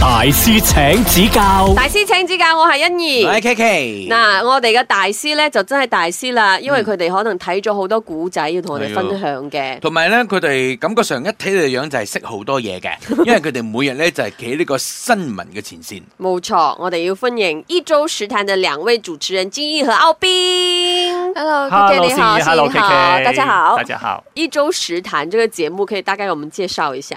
大師請指教，大師請指教，我係欣宜，我係 K K。嗱，我哋是嘅大師咧就真係大師啦，因為佢哋可能睇咗好多古仔要同我哋分享嘅，同埋咧佢哋感覺上一睇你樣子就係識好多嘢嘅，因為佢哋每日咧就係企呢個新聞嘅前線。冇錯，我哋要歡迎一周拾談嘅兩位主持人金毅和敖斌。Hello，K K，你好，金毅，你好，大家好，大家好。一周拾談呢個節目可以大概我們介紹一下？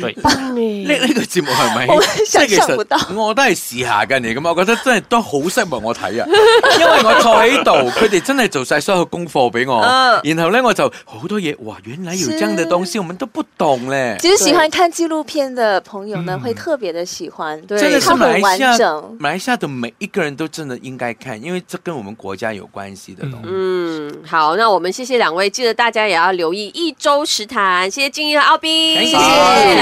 呢呢個節目係咪？即係想不到我都係試下嘅嚟咁，我覺得真係都好失望我睇啊，因為我坐喺度，佢哋真係做晒所有功課俾我。然後咧我就好多嘢，哇！原來有這樣的東西，我們都不懂咧。其實喜歡看紀錄片的朋友呢，會特別的喜歡。對，真的是馬來西亞，馬來西亞的每一個人都真的應該看，因為這跟我們國家有關係的東西。嗯，好，那我們謝謝兩位，記得大家也要留意一周拾談。謝謝金英和奧斌，謝